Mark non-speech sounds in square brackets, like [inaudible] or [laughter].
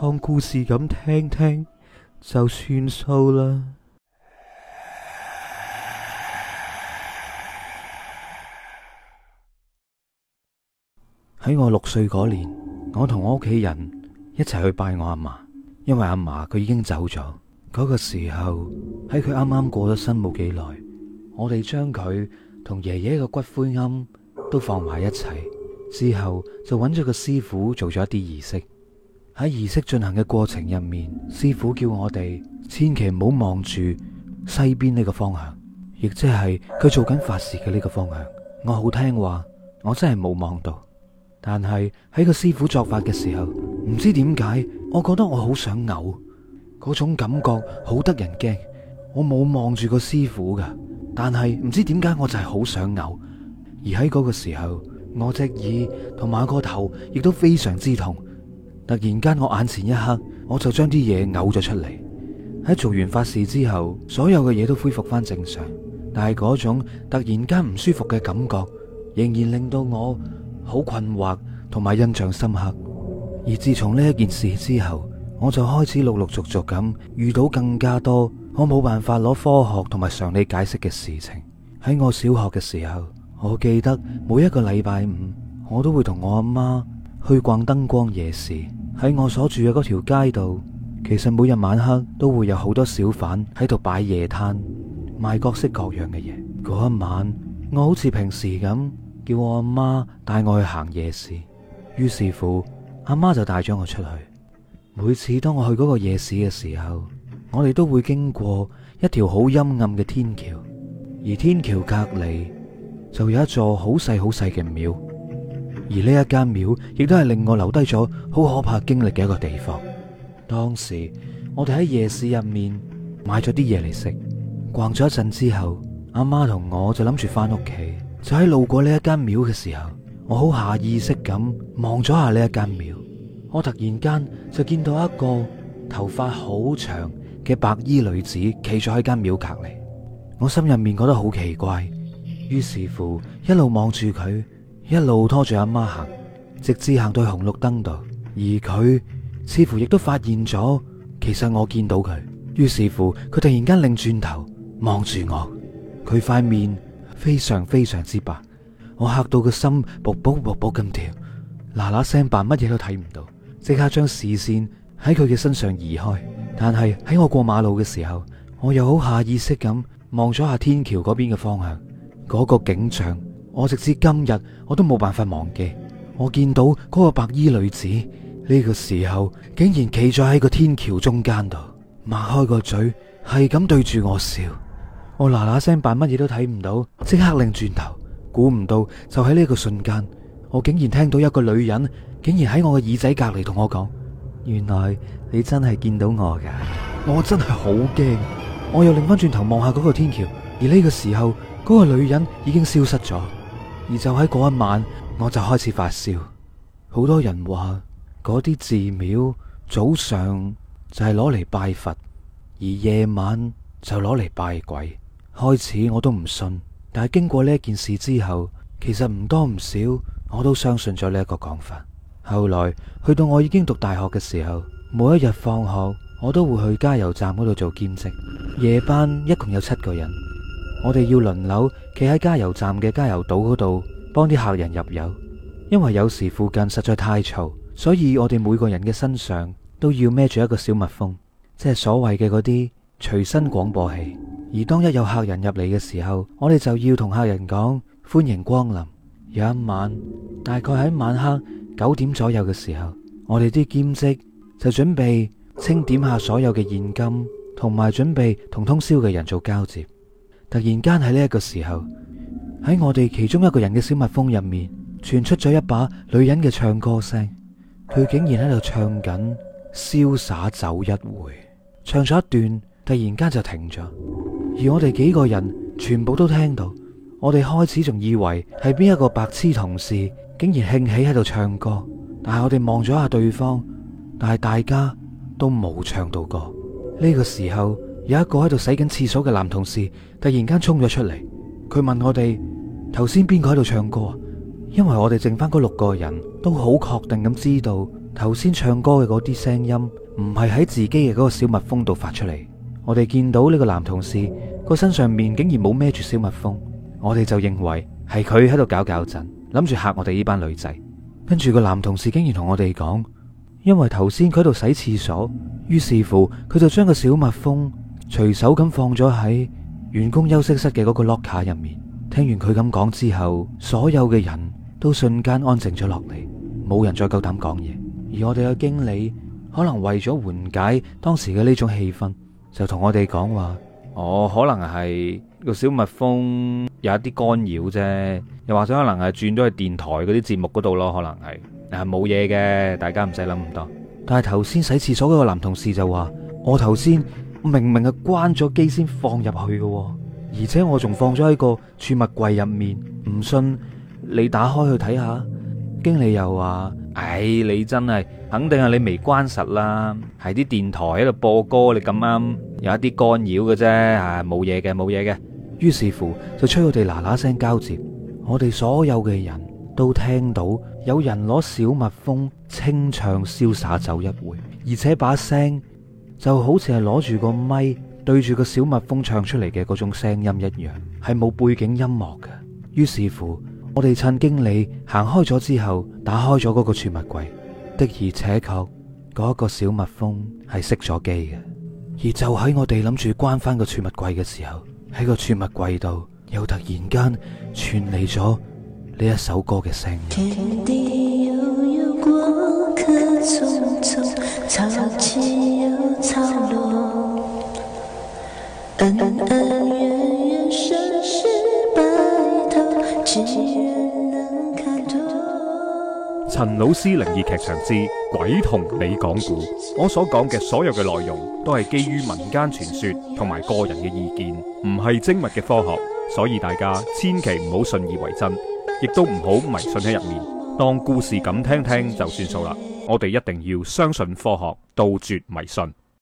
當故事咁聽聽就算數啦。喺 [music] 我六歲嗰年，我同我屋企人一齊去拜我阿嫲，因為阿嫲佢已經走咗。嗰個時候喺佢啱啱過咗身冇幾耐，我哋將佢同爺爺嘅骨灰龕都放埋一齊，之後就揾咗個師傅做咗一啲儀式。喺儀式進行嘅過程入面，師傅叫我哋千祈唔好望住西邊呢個方向，亦即係佢做緊法事嘅呢個方向。我好聽話，我真係冇望到。但係喺個師傅作法嘅時候，唔知點解，我覺得我好想嘔，嗰種感覺好得人驚。我冇望住個師傅噶，但係唔知點解我就係好想嘔。而喺嗰個時候，我隻耳同埋個頭亦都非常之痛。突然間，我眼前一黑，我就將啲嘢嘔咗出嚟。喺做完法事之後，所有嘅嘢都恢復翻正常，但係嗰種突然間唔舒服嘅感覺，仍然令到我好困惑同埋印象深刻。而自從呢一件事之後，我就開始陸陸續續咁遇到更加多我冇辦法攞科學同埋常理解釋嘅事情。喺我小學嘅時候，我記得每一個禮拜五，我都會同我阿媽去逛燈光夜市。喺我所住嘅嗰條街度，其實每日晚黑都會有好多小販喺度擺夜攤，賣各式各樣嘅嘢。嗰一晚我好似平時咁，叫我阿媽帶我去行夜市，於是乎阿媽就帶咗我出去。每次當我去嗰個夜市嘅時候，我哋都會經過一條好陰暗嘅天橋，而天橋隔離就有一座好細好細嘅廟。而呢一間廟亦都係令我留低咗好可怕經歷嘅一個地方。當時我哋喺夜市入面買咗啲嘢嚟食，逛咗一陣之後，阿媽同我就諗住翻屋企，就喺路過呢一間廟嘅時候，我好下意識咁望咗下呢一間廟，我突然間就見到一個頭髮好長嘅白衣女子企咗喺間廟隔籬，我心入面覺得好奇怪，於是乎一路望住佢。一路拖住阿媽行，直至行到紅綠燈度，而佢似乎亦都發現咗，其實我見到佢，於是乎佢突然間擰轉頭望住我，佢塊面非常非常之白，我嚇到個心噗噗噗噗咁跳，嗱嗱聲扮乜嘢都睇唔到，即刻將視線喺佢嘅身上移開，但係喺我過馬路嘅時候，我又好下意識咁望咗下天橋嗰邊嘅方向，嗰、嗰個景象。我直至今日我都冇辦法忘記，我見到嗰個白衣女子呢個時候，竟然企咗喺個天橋中間度，擘開個嘴係咁對住我笑。我嗱嗱聲扮乜嘢都睇唔到，即刻擰轉頭，估唔到就喺呢個瞬間，我竟然聽到一個女人竟然喺我嘅耳仔隔籬同我講：原來你真係見到我㗎。我真係好驚，我又擰翻轉頭望下嗰個天橋，而呢個時候嗰個女人已經消失咗。而就喺嗰一晚，我就開始發燒。好多人話嗰啲寺廟早上就係攞嚟拜佛，而夜晚就攞嚟拜鬼。開始我都唔信，但係經過呢件事之後，其實唔多唔少，我都相信咗呢一個講法。後來去到我已經讀大學嘅時候，每一日放學我都會去加油站嗰度做兼職。夜班一共有七個人。我哋要輪流企喺加油站嘅加油島嗰度幫啲客人入油，因為有時附近實在太嘈，所以我哋每個人嘅身上都要孭住一個小蜜蜂，即係所謂嘅嗰啲隨身廣播器。而當一有客人入嚟嘅時候，我哋就要同客人講歡迎光臨。有一晚，大概喺晚黑九點左右嘅時候，我哋啲兼職就準備清點下所有嘅現金，同埋準備同通宵嘅人做交接。突然間喺呢一個時候，喺我哋其中一個人嘅小蜜蜂入面，傳出咗一把女人嘅唱歌聲。佢竟然喺度唱緊《瀟灑走一回》，唱咗一段，突然間就停咗。而我哋幾個人全部都聽到，我哋開始仲以為係邊一個白痴同事竟然興起喺度唱歌，但係我哋望咗下對方，但係大家都冇唱到歌。呢個時候，有一個喺度洗緊廁所嘅男同事突然間衝咗出嚟，佢問我哋頭先邊個喺度唱歌？因為我哋剩翻嗰六個人都好確定咁知道頭先唱歌嘅嗰啲聲音唔係喺自己嘅嗰個小蜜蜂度發出嚟。我哋見到呢個男同事個身上面竟然冇孭住小蜜蜂，我哋就認為係佢喺度搞搞震，諗住嚇我哋呢班女仔。跟住個男同事竟然同我哋講，因為頭先佢喺度洗廁所，於是乎佢就將個小蜜蜂。隨手咁放咗喺員工休息室嘅嗰個 locker 入面。聽完佢咁講之後，所有嘅人都瞬間安靜咗落嚟，冇人再夠膽講嘢。而我哋嘅經理可能為咗緩解當時嘅呢種氣氛，就同我哋講話：哦，可能係個小蜜蜂有一啲干擾啫，又或者可能係轉咗去電台嗰啲節目嗰度咯，可能係啊，冇嘢嘅，大家唔使諗咁多。但係頭先洗廁所嗰個男同事就話：我頭先。明明係關咗機先放入去㗎喎，而且我仲放咗喺個儲物櫃入面。唔信你打開去睇下。經理又話：哎，你真係肯定係你未關實啦，係啲電台喺度播歌，你咁啱有一啲干擾嘅啫。啊，冇嘢嘅，冇嘢嘅。於是乎，就催我哋嗱嗱聲交接，我哋所有嘅人都聽到有人攞小蜜蜂清唱瀟灑走一回，而且把聲。就好似係攞住個咪對住個小蜜蜂唱出嚟嘅嗰種聲音一樣，係冇背景音樂嘅。於是乎，我哋趁經理行開咗之後，打開咗嗰個儲物櫃，的而且確嗰個小蜜蜂係熄咗機嘅。而就喺我哋諗住關翻個儲物櫃嘅時候，喺個儲物櫃度又突然間傳嚟咗呢一首歌嘅聲音。天地悠悠，過客匆匆陳老師靈異劇場之「鬼同你講故」。我所講嘅所有嘅內容都係基於民間傳說同埋個人嘅意見，唔係精密嘅科學，所以大家千祈唔好信以為真，亦都唔好迷信喺入面，當故事咁聽聽就算數啦。我哋一定要相信科學，杜絕迷信。